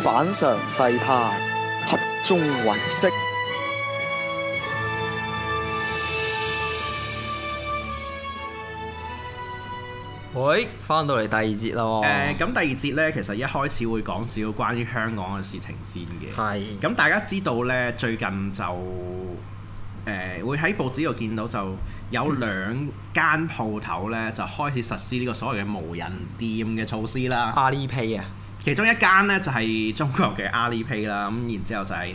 反常世態，合眾唯識。喂、哎，翻到嚟第二節啦。咁、呃、第二節呢，其實一開始會講少少關於香港嘅事情先嘅。係是。咁大家知道呢，最近就誒、呃、會喺報紙度見到，就有兩間、嗯、鋪頭呢，就開始實施呢個所謂嘅無人店嘅措施啦。p 啊！其中一間咧就係中國嘅 AliPay 啦，咁然之後就係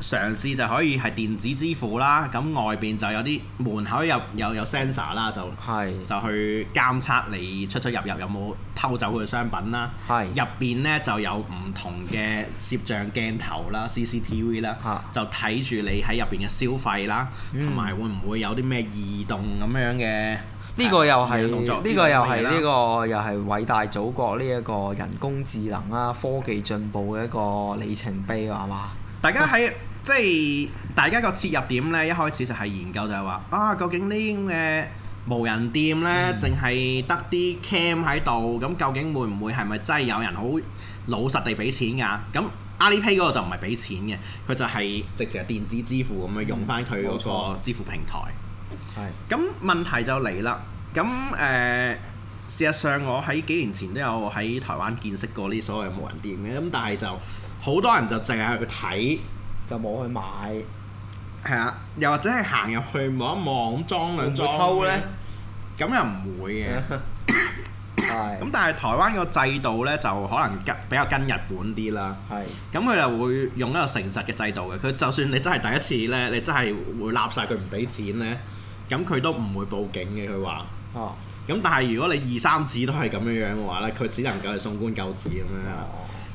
嘗試就可以係電子支付啦，咁外邊就有啲門口又有有 sensor 啦，ensor, 就是就去監測你出出入，入入有冇偷走佢嘅商品啦，入邊咧就有唔同嘅攝像鏡頭啦、CCTV 啦，就睇住你喺入邊嘅消費啦，同埋會唔會有啲咩異動咁樣嘅？呢個又係呢、啊、個又係呢個又係偉大祖國呢一個人工智能啦科技進步嘅一個里程碑啊嘛！ 大家喺即係大家個切入點呢，一開始就係研究就係、是、話啊，究竟呢啲嘅無人店呢，淨係、嗯、得啲 cam 喺度，咁究竟會唔會係咪真係有人好老實地俾錢㗎？咁阿里 pay 嗰個就唔係俾錢嘅，佢就係直接電子支付咁樣用翻佢嗰個支付平台。係。咁問題就嚟啦。咁誒、呃，事實上我喺幾年前都有喺台灣見識過呢所謂嘅無人店嘅。咁但係就好多人就淨係去睇，就冇去買。係啊，又或者係行入去望一望咁裝兩裝咧。咁又唔會嘅。係。咁但係台灣個制度咧就可能跟比較跟日本啲啦。係。咁 佢是又會用一個誠實嘅制度嘅。佢就算你真係第一次咧，你真係會攞晒佢唔俾錢咧。咁佢都唔會報警嘅，佢話。哦、啊。咁但係如果你二三子都係咁樣樣嘅話咧，佢只能夠係送官究治咁樣啦。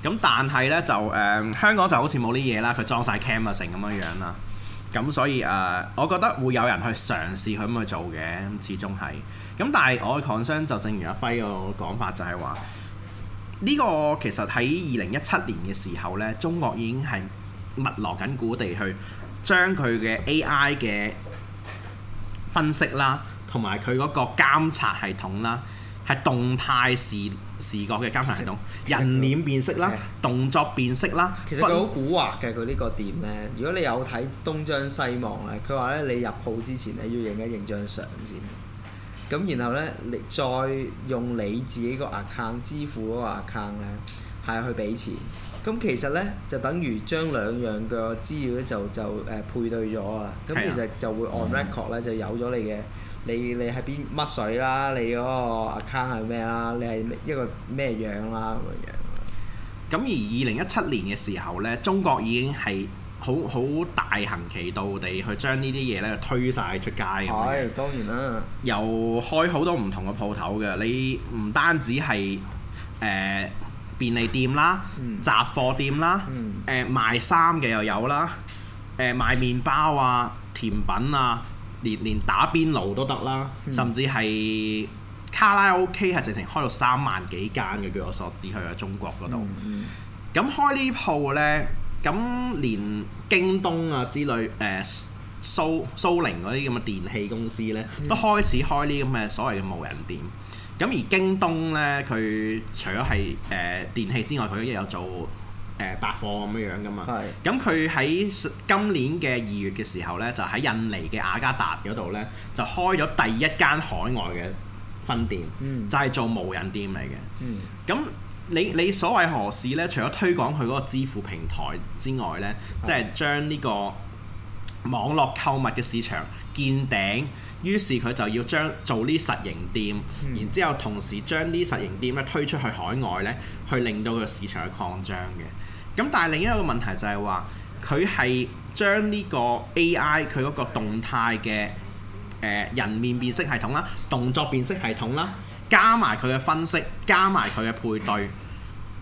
咁、啊、但係咧就誒、呃、香港就好似冇呢嘢啦，佢裝晒 camera 成咁樣樣啦。咁所以誒、呃，我覺得會有人去嘗試佢咁去做嘅，始終係。咁但係我嘅 concern 就正如阿輝個講法就係話，呢、這個其實喺二零一七年嘅時候咧，中國已經係密鑼緊鼓地去將佢嘅 AI 嘅。分析啦，同埋佢嗰個監察系統啦，係動態視視覺嘅監察系統，人臉辨識啦，的動作辨識啦。其實佢好古惑嘅，佢呢個店呢，如果你有睇東張西望呢，佢話呢，你入鋪之前呢，要影一影張相先，咁然後呢，你再用你自己個 account 支付嗰個 account 呢係去俾錢。咁其實呢，就等於將兩樣嘅資料就就誒配對咗啊！咁的其實就會按 record 咧、嗯，就有咗你嘅你你喺邊乜水啦，你嗰個 account 係咩啦，你係一個咩樣啦咁樣。咁而二零一七年嘅時候呢，中國已經係好好大行其道地去將呢啲嘢呢推晒出街咁當然啦，又開好多唔同嘅鋪頭嘅。你唔單止係便利店啦、雜貨店啦、誒、嗯呃、賣衫嘅又有啦、誒、呃、賣麵包啊、甜品啊，連連打邊爐都得啦、啊，嗯、甚至係卡拉 OK 係直情開到三萬幾間嘅，據我所知去咗中國嗰度。咁、嗯嗯、開呢啲鋪咧，咁連京東啊之類、誒、呃、蘇蘇寧嗰啲咁嘅電器公司呢，嗯、都開始開呢咁嘅所謂嘅無人店。咁而京東咧，佢除咗係誒電器之外，佢亦有做誒、呃、百貨咁樣樣噶嘛。係咁佢喺今年嘅二月嘅時候咧，就喺印尼嘅雅加達嗰度咧，就開咗第一間海外嘅分店，嗯、就係做無人店嚟嘅。嗯，咁你你所謂何事咧？除咗推廣佢嗰個支付平台之外咧，即係將呢個。網絡購物嘅市場見頂，於是佢就要將做呢實營店，嗯、然之後同時將呢實營店咧推出去海外咧，去令到個市場擴張嘅。咁但係另一個問題就係話，佢係將呢個 AI 佢嗰個動態嘅誒人面辨識系統啦，動作辨識系統啦，加埋佢嘅分析，加埋佢嘅配對。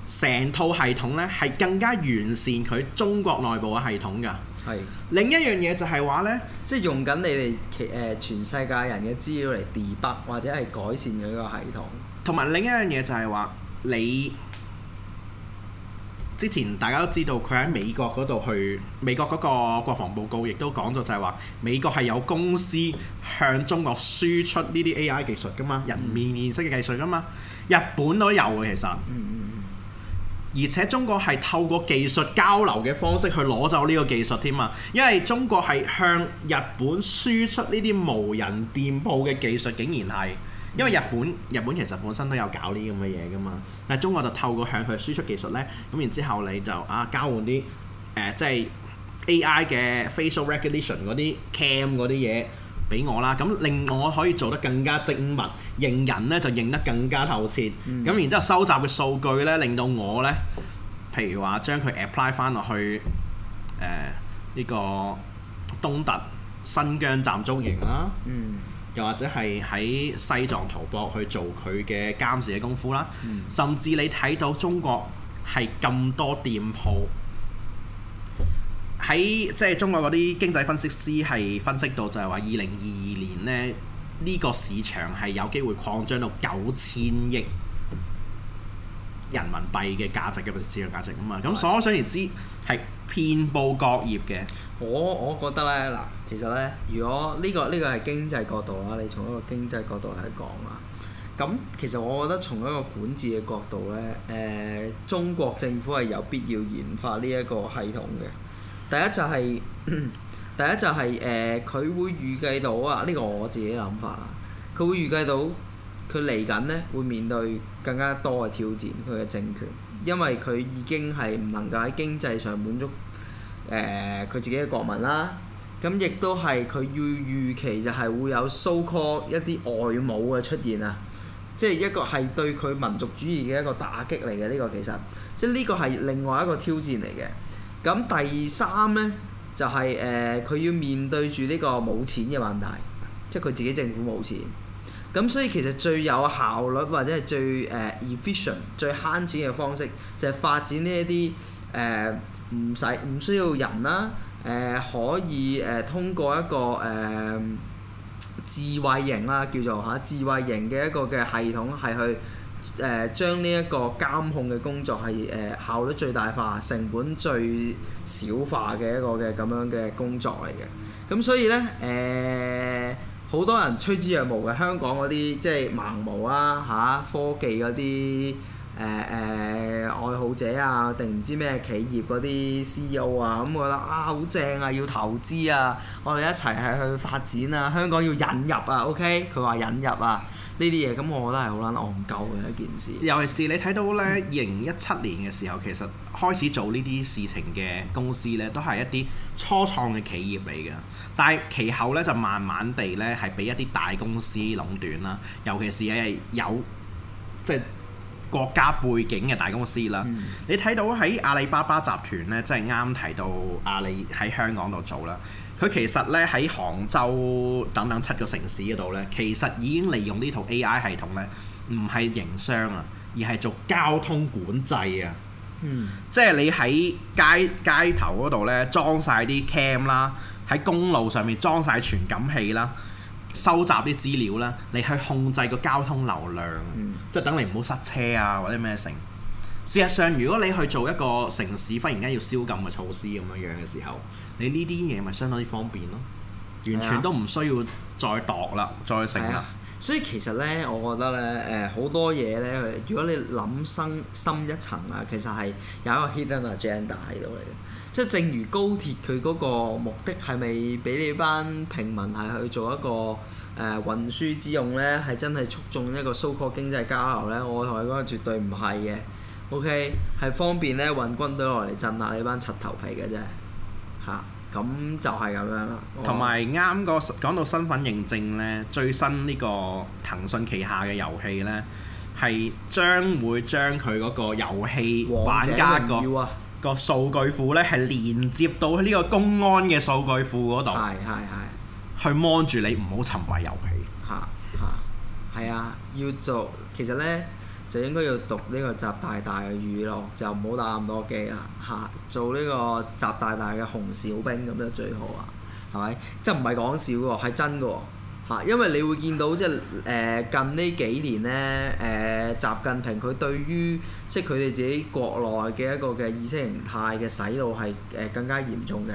成套系統咧係更加完善佢中國內部嘅系統㗎。係是另一樣嘢就係話咧，即係用緊你哋誒、呃、全世界人嘅資料嚟 debug 或者係改善佢個系統。同埋另一樣嘢就係話，你之前大家都知道佢喺美國嗰度，去美國嗰個國防報告，亦都講咗就係話美國係有公司向中國輸出呢啲 AI 技術㗎嘛，嗯、人面認識嘅技術㗎嘛，日本都有嘅其實。嗯嗯嗯而且中國係透過技術交流嘅方式去攞走呢個技術添啊，因為中國係向日本輸出呢啲無人店鋪嘅技術，竟然係因為日本日本其實本身都有搞呢啲咁嘅嘢噶嘛，但中國就透過向佢輸出技術咧，咁然之後你就啊交換啲誒、呃、即係 AI 嘅 facial recognition 嗰啲 cam 嗰啲嘢。俾我啦，咁令我可以做得更加精密，認人咧就認得更加透徹。咁、嗯、然之後收集嘅數據咧，令到我咧，譬如話將佢 apply 翻落去誒呢、呃這個東突新疆集中營啦，嗯、又或者係喺西藏圖博去做佢嘅監視嘅功夫啦，嗯、甚至你睇到中國係咁多店鋪。喺即係中國嗰啲經濟分析師係分析到就，就係話二零二二年咧，呢個市場係有機會擴張到九千億人民幣嘅價值嘅市場價值啊嘛。咁可想而知，係遍佈各業嘅。我我覺得呢，嗱，其實呢，如果呢、呢個呢、呢個係經濟角度啊，你從一個經濟角度嚟講啊，咁其實我覺得從一個管治嘅角度呢，誒、呃，中國政府係有必要研發呢一個系統嘅。第一就係、是，第一就係、是、誒，佢、呃、會預計到啊，呢、這個我自己諗法啊。佢會預計到佢嚟緊呢會面對更加多嘅挑戰，佢嘅政權，因為佢已經係唔能夠喺經濟上滿足誒佢、呃、自己嘅國民啦。咁亦都係佢要預期就係會有所謂一啲外侮嘅出現啊！即係一個係對佢民族主義嘅一個打擊嚟嘅。呢個其實，即係呢個係另外一個挑戰嚟嘅。咁第三呢，就係誒佢要面對住呢個冇錢嘅問題，即係佢自己政府冇錢。咁所以其實最有效率或者係最誒、呃、efficient、最慳錢嘅方式，就係、是、發展呢一啲誒唔使唔需要人啦，誒、呃、可以誒、呃、通過一個誒、呃、智慧型啦，叫做嚇、啊、智慧型嘅一個嘅系統係去。誒、呃、將呢一個監控嘅工作係誒、呃、效率最大化、成本最少化嘅一個嘅咁樣嘅工作嚟嘅。咁所以咧誒，好、呃、多人趨之若鶩嘅香港嗰啲即係盲毛啦嚇，科技嗰啲。誒誒、呃、愛好者啊，定唔知咩企業嗰啲 CEO 啊，咁、嗯、我覺得啊好正啊，要投資啊，我哋一齊係去發展啊！香港要引入啊，OK？佢話引入啊呢啲嘢，咁我覺得係好撚戇鳩嘅一件事。尤其是你睇到呢，二零一七年嘅時候，其實開始做呢啲事情嘅公司呢，都係一啲初創嘅企業嚟㗎。但係其後呢，就慢慢地呢，係俾一啲大公司壟斷啦。尤其是係有即係。就是國家背景嘅大公司啦，嗯、你睇到喺阿里巴巴集團呢，即係啱提到阿里喺香港度做啦。佢其實呢，喺杭州等等七個城市嗰度呢，其實已經利用呢套 AI 系統呢，唔係營商啊，而係做交通管制啊。嗯，即係你喺街街頭嗰度呢，裝晒啲 cam 啦，喺公路上面裝晒傳感器啦。收集啲資料啦，你去控制個交通流量，嗯、即係等你唔好塞車啊，或者咩成。事實上，如果你去做一個城市忽然間要宵禁嘅措施咁樣樣嘅時候，你呢啲嘢咪相當之方便咯，完全都唔需要再度啦，再成啦。所以其實咧，我覺得咧，誒、呃、好多嘢咧，如果你諗深深一層啊，其實係有一個 hidden agenda 喺度嚟嘅。即係正如高鐵佢嗰個目的係咪俾你班平民係去做一個誒運輸之用咧？係真係促進一個蘇、so、國經濟交流咧？我同你講絕對唔係嘅。O.K. 係方便咧運軍隊落嚟鎮壓你班柒頭皮嘅啫。嚇、啊！咁就係咁樣啦。同埋啱個講到身份認證呢，最新呢個騰訊旗下嘅遊戲呢，係將會將佢嗰個遊戲玩家個個、啊、數據庫呢係連接到呢個公安嘅數據庫嗰度。係係係。去 mon 住你唔好沉迷遊戲。嚇嚇。係啊，要做其實呢。就應該要讀呢個習大大嘅語咯，就唔好打咁多機啦嚇，做呢個習大大嘅紅小兵咁樣就最好啊，係咪？即係唔係講笑喎，係真㗎嚇，因為你會見到即係誒近呢幾年咧誒、呃、習近平佢對於即係佢哋自己國內嘅一個嘅意識形態嘅洗腦係誒更加嚴重嘅。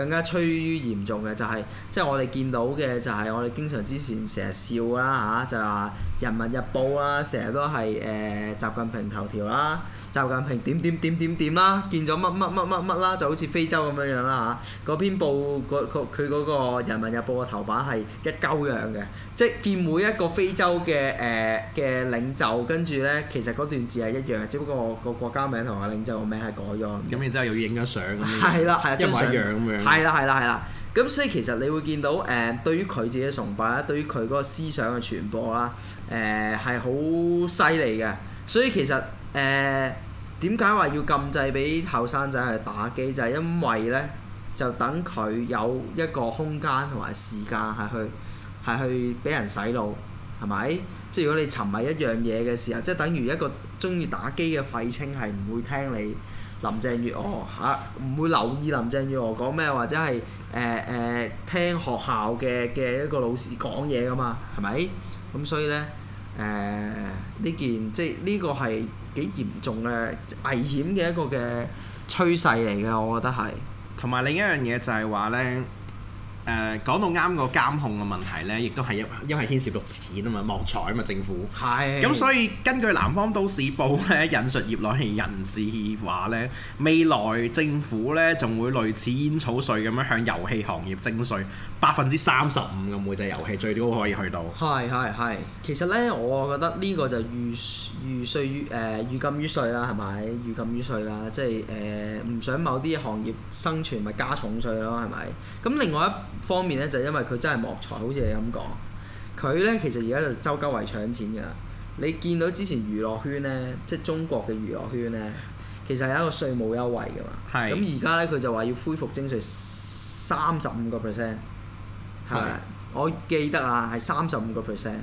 更加趨於嚴重嘅就係、是，即係我哋見到嘅就係我哋經常之前成日笑啦吓、啊，就話《人民日報》啦、啊，成日都係誒、呃、習近平頭條啦，習近平點點點點點啦，見咗乜乜乜乜乜啦，就好似非洲咁樣樣啦吓，嗰、啊、篇報佢嗰、啊、個《人民日報》嘅頭版係一鳩樣嘅，即係見每一個非洲嘅誒嘅領袖，跟住咧其實嗰段字係一樣，只不過個國家名同埋領袖個名係改咗。咁然之後又要影咗相，係啦，係啊，一模一樣咁樣。係啦，係啦，係啦。咁所以其實你會見到誒、呃，對於佢自己嘅崇拜啦，對於佢嗰個思想嘅傳播啦，誒係好犀利嘅。所以其實誒，點解話要禁制俾後生仔去打機？就係、是、因為咧，就等佢有一個空間同埋時間係去係去俾人洗腦，係咪？即係如果你沉迷一樣嘢嘅時候，即係等於一個中意打機嘅廢青係唔會聽你。林鄭月娥，吓，唔會留意林鄭月娥講咩，或者係誒誒，聽學校嘅嘅一個老師講嘢㗎嘛，係咪？咁所以咧誒呢、呃、件，即係呢個係幾嚴重嘅危險嘅一個嘅趨勢嚟嘅，我覺得係。同埋另一樣嘢就係話咧。誒、呃、講到啱個監控嘅問題呢，亦都係因因為牽涉到錢啊嘛，謀財啊嘛，政府。係的。咁所以根據《南方都市報》呢，引述業內人士話呢，未來政府呢，仲會類似煙草稅咁樣向遊戲行業徵稅，百分之三十五咁每隻遊戲最高可以去到。係係係。其實呢，我覺得呢個就預預稅誒預禁於稅啦，係咪？預禁於稅啦，即係誒唔想某啲行業生存咪加重稅咯，係咪？咁另外一方面咧就係因為佢真係莫才，好似你咁講。佢咧其實而家就周街圍搶錢㗎。你見到之前娛樂圈咧，即係中國嘅娛樂圈咧，其實係一個稅務優惠㗎嘛。係是。咁而家咧佢就話要恢復徵稅三十五個 percent。係。Okay. 我記得啊，係三十五個 percent。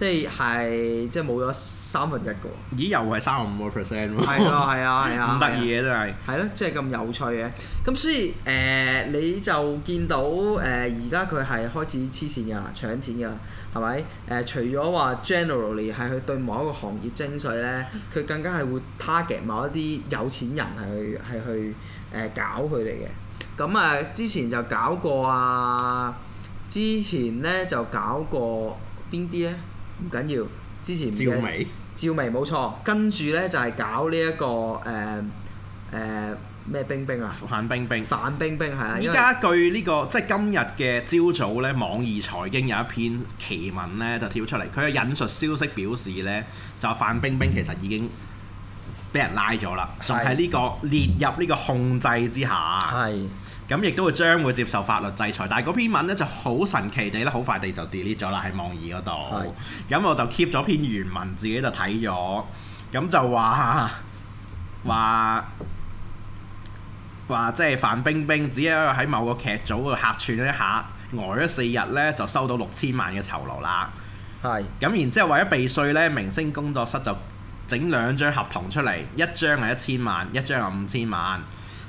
即係即係冇咗三分一個。咦？又係三十五個 percent 喎。係啊係啊係啊。咁得意嘅真係。係咯、啊啊 啊，即係咁有趣嘅。咁所以誒、呃，你就見到誒而家佢係開始黐線㗎，搶錢㗎啦，係咪？誒、呃，除咗話 generally 係去對某一個行業徵稅咧，佢更加係會 target 某一啲有錢人係去係去誒搞佢哋嘅。咁啊，之前就搞過啊，之前咧就搞過邊啲咧？唔緊要，之前趙薇，趙薇冇錯，跟住呢就係搞呢、這、一個誒誒咩冰冰啊，范、呃呃、冰冰，范冰冰係啦，依家據呢、這個即係、就是、今日嘅朝早呢，網易財經有一篇奇文呢就跳出嚟，佢嘅引述消息表示呢，就范冰冰其實已經俾人拉咗啦，就係呢個列入呢個控制之下係。的咁亦都會將會接受法律制裁，但係嗰篇文咧就好神奇地咧，好快地就 delete 咗啦喺網易嗰度。咁是我就 keep 咗篇原文自己就睇咗，咁就話話話即係范冰冰只係喺某個劇組度客串咗一下，呆、呃、咗四日呢，就收到六千萬嘅酬勞啦。係是。咁然之後為咗避稅呢，明星工作室就整兩張合同出嚟，一張係一千萬，一張係五千萬。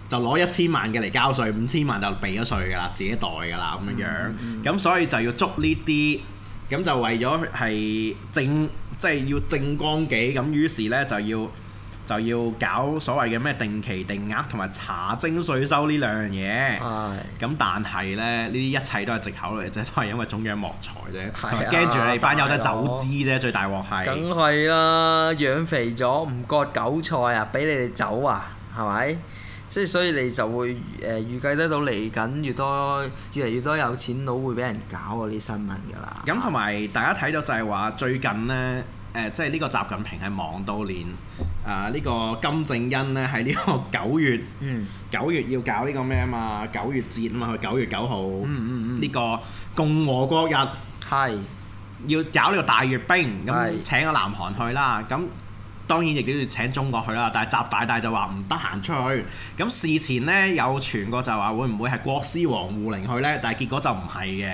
就攞一千萬嘅嚟交稅，五千萬就避咗稅㗎啦，自己袋㗎啦，咁樣樣咁，嗯嗯、所以就要捉呢啲咁就為咗係正即係、就是、要正光幾咁，於是呢，就要就要搞所謂嘅咩定期定額同埋查徵稅收呢兩樣嘢。係咁、嗯，但係呢，呢啲一切都係藉口嚟啫，都係因為中央莫財啫，驚住、啊、你班友得走資啫，最大鑊係梗係啦，養肥咗唔割韭菜啊，俾你哋走啊，係咪？即係所以你就會誒預計得到嚟緊越多越嚟越多有錢佬會俾人搞嗰啲新聞㗎啦。咁同埋大家睇到就係話最近呢，誒、呃，即係呢個習近平係忙到連啊呢個金正恩呢喺呢個九月，嗯，九月要搞呢個咩啊嘛，九月節啊嘛，去九月九號，嗯嗯嗯，呢個共和國日係要搞呢個大閱兵，咁是的 請個南韓去啦，咁。當然亦都要請中國去啦，但係習大大就話唔得閒出去。咁事前呢，有傳過就話會唔會係國師王滬寧去呢？但係結果就唔係嘅，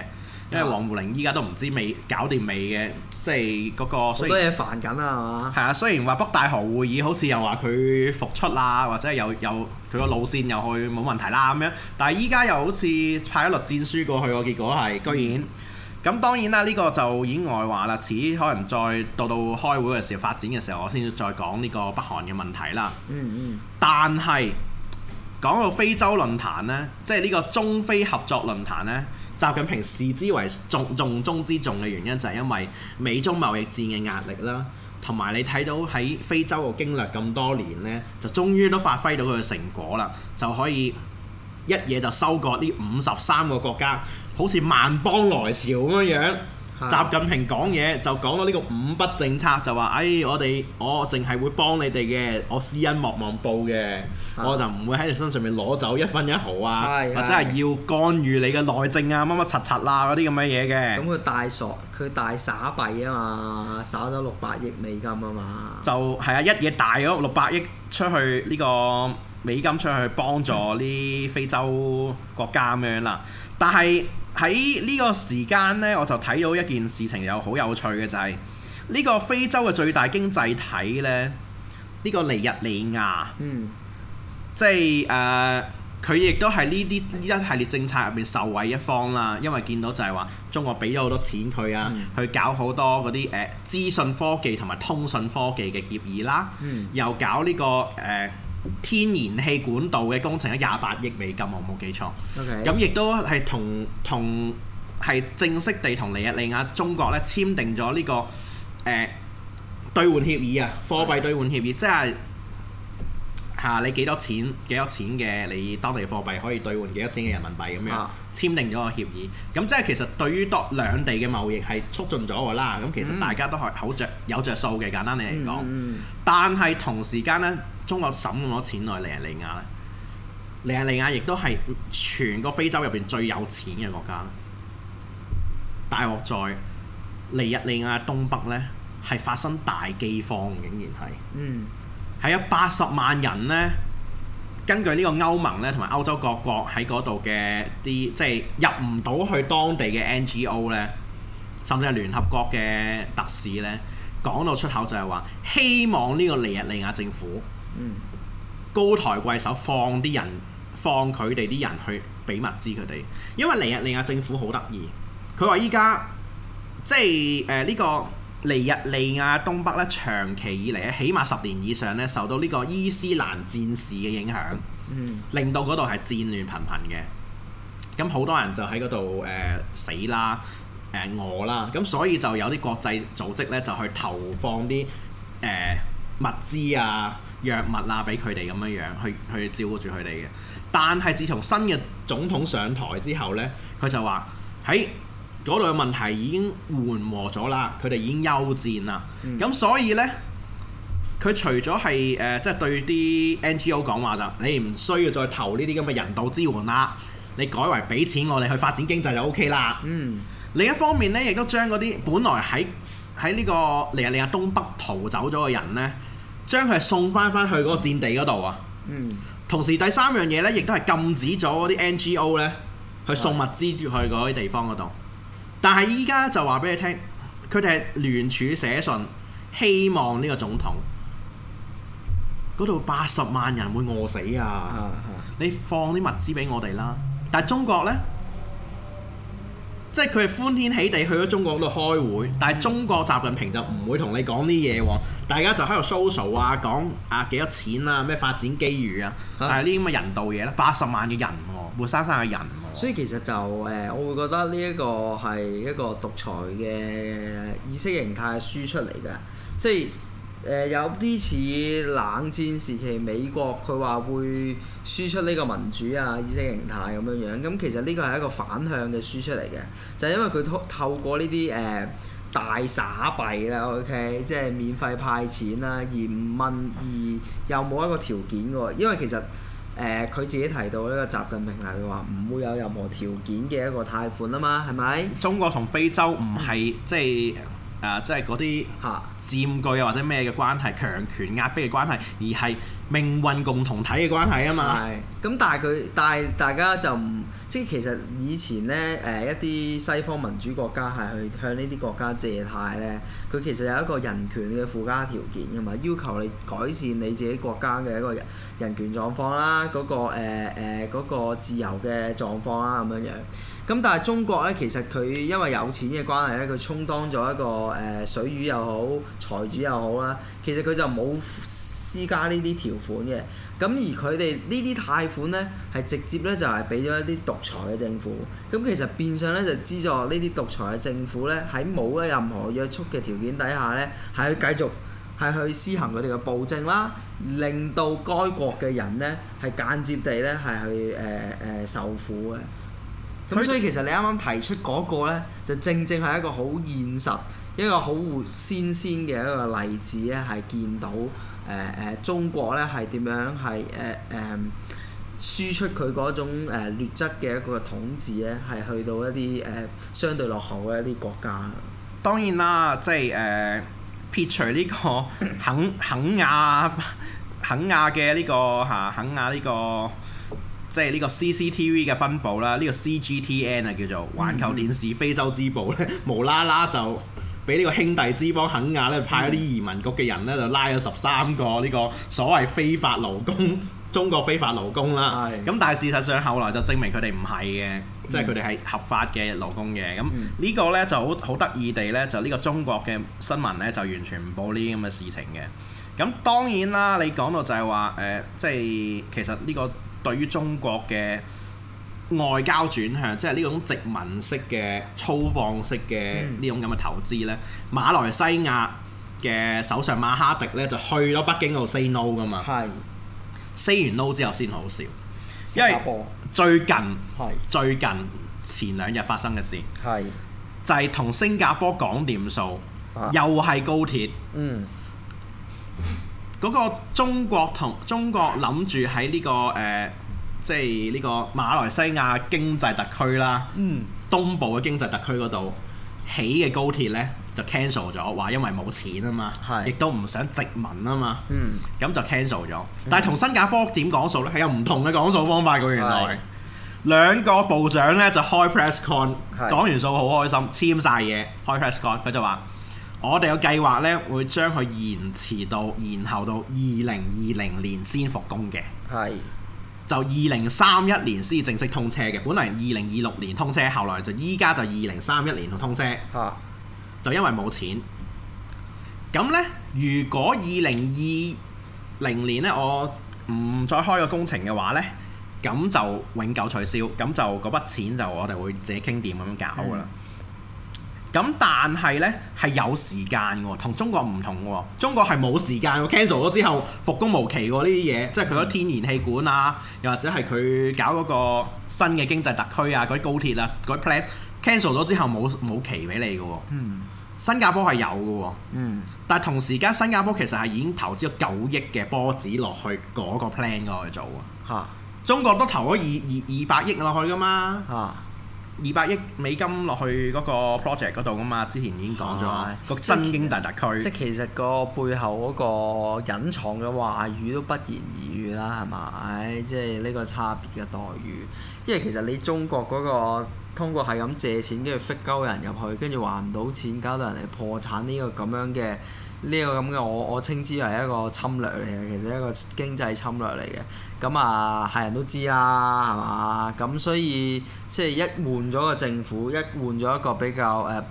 因為王滬寧依家都唔知未搞掂未嘅，即係嗰個。以、啊，好多嘢煩緊啦，係嘛？係啊，雖然話北戴河會議好似又話佢復出啊，或者係又又佢個路線又去冇問題啦咁樣，但係依家又好似派咗律戰書過去個結果係、嗯、居然。咁當然啦，呢個就已經外話啦，遲可能再到到開會嘅時候發展嘅時候，我先再講呢個北韓嘅問題啦。嗯嗯。但係講到非洲論壇呢，即係呢個中非合作論壇呢，習近平視之為重重中之重嘅原因，就係因為美中貿易戰嘅壓力啦，同埋你睇到喺非洲嘅經歷咁多年呢，就終於都發揮到佢嘅成果啦，就可以，一嘢就收割呢五十三個國家，好似萬邦來朝咁樣樣。習、啊、近平講嘢就講到呢個五不政策，就話：哎，我哋我淨係會幫你哋嘅，我施恩莫忘報嘅，啊、我就唔會喺你身上面攞走一分一毫啊，啊啊或者係要干預你嘅內政啊，乜乜柒柒啊嗰啲咁嘅嘢嘅。咁佢大，大傻，佢大撒幣啊嘛，撒咗六百億美金啊嘛。就係啊，一嘢大咗六百億出去呢、這個。這個美金出去幫助啲非洲國家咁樣啦，但係喺呢個時間呢，我就睇到一件事情又好有趣嘅就係、是、呢、呢個非洲嘅最大經濟體呢，呢、呢個尼日利亞，嗯，即係誒，佢亦都係呢啲一系列政策入面受惠一方啦，因為見到就係話中國俾咗好多錢佢啊，去、嗯、搞好多嗰啲誒資訊科技同埋通訊科技嘅協議啦，嗯、又搞呢、呢個誒。呃天然氣管道嘅工程，一廿八億美金，我冇記錯。咁亦 Okay. 都係同同係正式地同尼日利亞、中國咧簽訂咗呢、這個誒兌換協議啊，貨幣兌換協議，協議嗯、即係嚇你幾多錢幾多錢嘅你當地貨幣可以兌換幾多錢嘅人民幣咁樣、啊、簽訂咗個協議。咁即係其實對於多兩地嘅貿易係促進咗啦。咁其實大家都係好着有着數嘅，簡單嚟講。嗯、但係同時間呢。中國審咁多錢去尼日利亞咧，尼日利亞亦都係全個非洲入邊最有錢嘅國家。大惡在尼日利亞東北咧，係發生大饑荒，竟然係嗯係有八十萬人咧。根據呢個歐盟咧，同埋歐洲各國喺嗰度嘅啲即係入唔到去當地嘅 N G O 咧，甚至係聯合國嘅特使咧，講到出口就係話希望呢個尼日利亞政府。高抬貴手，放啲人，放佢哋啲人去俾物資佢哋。因為尼日利亞政府好得意，佢話依家即係誒呢個尼日利亞東北咧，長期以嚟咧，起碼十年以上咧，受到呢個伊斯蘭戰士嘅影響，嗯，令到嗰度係戰亂頻頻嘅。咁好多人就喺嗰度誒死啦，誒餓啦，咁所以就有啲國際組織咧就去投放啲誒。呃物資啊、藥物啊，俾佢哋咁樣樣去去照顧住佢哋嘅。但係自從新嘅總統上台之後呢，佢就話喺嗰度嘅問題已經緩和咗啦，佢哋已經休戰啦。咁、嗯、所以呢，佢除咗係誒，即、呃、係、就是、對啲 NTO 講話就你唔需要再投呢啲咁嘅人道支援啦，你改為俾錢我哋去發展經濟就 OK 啦。嗯。另一方面呢，亦都將嗰啲本來喺喺呢個利亞利亞東北逃走咗嘅人呢。將佢送翻翻去嗰個戰地嗰度啊！嗯，同時第三樣嘢咧，亦都係禁止咗啲 NGO 咧去送物資去嗰啲地方嗰度。但係依家就話俾你聽，佢哋聯署寫信，希望呢個總統嗰度八十萬人會餓死啊！啊啊你放啲物資俾我哋啦！但係中國呢？即係佢係歡天喜地去咗中國嗰度開會，但係中國習近平就唔會同你講啲嘢喎，大家就喺度 social 啊，講啊幾多錢啊，咩發展機遇啊，但係呢啲咁嘅人道嘢咧，八十萬嘅人喎，活生生嘅人。所以其實就誒，我會覺得呢一個係一個獨裁嘅意識形態輸出嚟㗎，即係。誒有啲似冷戰時期美國，佢話會輸出呢個民主啊、意識形態咁樣樣。咁其實呢個係一個反向嘅輸出嚟嘅，就係、因為佢通透過呢啲誒大撒幣啦，OK，即係免費派錢啦、啊，而唔問而有冇一個條件喎、啊。因為其實誒佢、呃、自己提到呢個習近平佢話唔會有任何條件嘅一個貸款啊嘛，係咪？中國同非洲唔係即係啊，即係嗰啲嚇。呃佔據啊或者咩嘅關係，強權壓迫嘅關係，而係命運共同體嘅關係啊嘛。咁但係佢，但係大家就唔即係其實以前呢，誒一啲西方民主國家係去向呢啲國家借貸呢，佢其實有一個人權嘅附加條件㗎嘛，要求你改善你自己國家嘅一個人權狀況啦，嗰個誒誒嗰個自由嘅狀況啦咁樣樣。咁但係中國咧，其實佢因為有錢嘅關係咧，佢充當咗一個誒、呃、水魚又好，財主又好啦。其實佢就冇施加呢啲條款嘅。咁而佢哋呢啲貸款咧，係直接咧就係俾咗一啲獨裁嘅政府。咁其實變相咧就資助呢啲獨裁嘅政府咧，喺冇任何約束嘅條件底下咧，係去繼續係去施行佢哋嘅暴政啦，令到該國嘅人咧係間接地咧係去誒誒、呃呃、受苦嘅。咁所以其實你啱啱提出嗰個咧，就正正係一個好現實、一個好活鮮鮮嘅一個例子咧，係見到誒誒、呃、中國咧係點樣係誒誒輸出佢嗰種誒劣質嘅一個統治咧，係去到一啲誒、呃、相對落後嘅一啲國家啦。當然啦，即係誒撇除呢個肯肯亞肯亞嘅呢個嚇、啊、肯亞呢個。即係呢個 CCTV 嘅分部啦，呢、呢個 CGTN 啊叫做環球電視非洲支部咧，嗯、無啦啦就俾呢個兄弟之邦肯亞咧派咗啲移民局嘅人咧、嗯、就拉咗十三個呢個所謂非法勞工，中國非法勞工啦。咁是但係事實上後來就證明佢哋唔係嘅，即係佢哋係合法嘅勞工嘅。咁呢個咧就好好得意地咧，就呢個中國嘅新聞咧就完全唔報呢啲咁嘅事情嘅。咁當然啦，你講到就係話誒，即係其實呢、呢個。對於中國嘅外交轉向，即係呢種殖民式嘅粗放式嘅呢、嗯、種咁嘅投資呢，馬來西亞嘅首相馬哈迪呢就去咗北京度 say no 㗎嘛，係是 say 完 no 之後先好笑，是因為最近是最近前兩日發生嘅事係是就係同新加坡講掂數，啊、又係高鐵嗯。 嗰個中國同中國諗住喺呢個誒、呃，即係呢個馬來西亞經濟特區啦，嗯，東部嘅經濟特區嗰度起嘅高鐵呢，就 cancel 咗，話因為冇錢啊嘛，是亦都唔想殖民啊嘛，嗯，咁就 cancel 咗。嗯、但係同新加坡點講數呢？係有唔同嘅講數方法嘅原來。對兩個部長呢，就開 press con，講是完數好開心，簽晒嘢，開 press con，佢就話。我哋嘅計劃呢，會將佢延遲到延後到二零二零年先復工嘅。係是就二零三一年先正式通車嘅。本來二零二六年通車，後來就依家就二零三一年就通車。啊、就因為冇錢。咁呢，如果二零二零年呢，我唔再開個工程嘅話呢，咁就永久取消，咁就嗰筆錢就我哋會自己傾掂咁樣搞噶啦。嗯咁但係呢，係有時間㗎喎，同中國唔同喎、哦。中國係冇時間㗎，cancel 咗之後復工無期喎。呢啲嘢即係佢嗰天然氣管啊，又或者係佢搞嗰個新嘅經濟特區啊，嗰啲高鐵啊，嗰啲 plan cancel 咗之後冇冇期俾你㗎喎、哦。新加坡係有㗎喎、哦。嗯。但係同時間新加坡其實係已經投資咗九億嘅波子落去嗰個 plan 嗰度做啊。嚇。中國都投咗二二二百億落去㗎嘛。嚇。啊二百億美金落去嗰個 project 嗰度啊嘛，之前已經講咗、啊、個新經大特區即。即係其實個背後嗰個隱藏嘅話語都不言而喻啦，係嘛？即係呢個差別嘅待遇，因為其實你中國嗰、嗰個。通過係咁借錢，跟住揈鳩人入去，跟住還唔到錢，搞到人哋破產呢個咁樣嘅呢、呢個咁嘅，我我稱之為一個侵略嚟嘅，其實一個經濟侵略嚟嘅。咁啊係人都知啦、啊，係嘛？咁所以即係一換咗個政府，一換咗一個比較誒誒誒，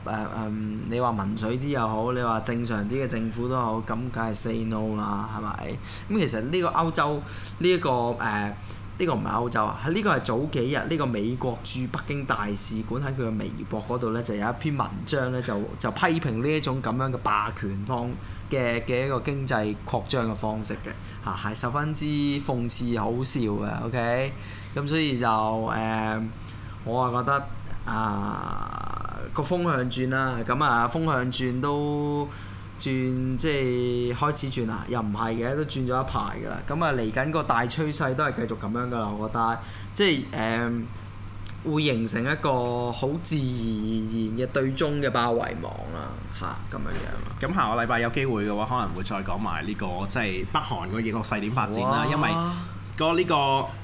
你話民粹啲又好，你話正常啲嘅政府都好，咁梗係 say no 啦，係咪？咁其實呢個歐洲呢一、呢個誒。呃呢個唔係歐洲啊，呢、這個係早幾日呢、這個美國駐北京大使館喺佢嘅微博嗰度呢，就有一篇文章呢，就就批評呢一種咁樣嘅霸權方嘅嘅一個經濟擴張嘅方式嘅，嚇係十分之諷刺好笑嘅，OK，咁所以就誒、呃，我啊覺得啊個、呃、風向轉啦，咁啊風向轉都。轉即係開始轉啦，又唔係嘅，都轉咗一排㗎啦。咁啊，嚟緊個大趨勢都係繼續咁樣㗎啦。我覺得即係誒、嗯、會形成一個好自然而然嘅對中嘅包圍網啦，嚇咁樣樣。咁下個禮拜有機會嘅話，可能會再講埋呢個即係北韓個熱絡勢點發展啦，好啊、因為個呢、呢個。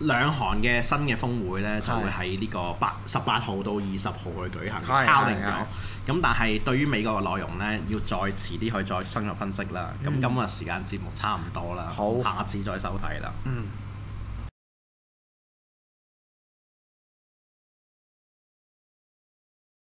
兩韓嘅新嘅峰會呢，就會喺呢個八十八號到二十號去舉行，的敲定咗。咁的但係對於美國嘅內容呢，要再遲啲去再深入分析啦。咁、嗯、今日時間節目差唔多啦，好下次再收睇啦。嗯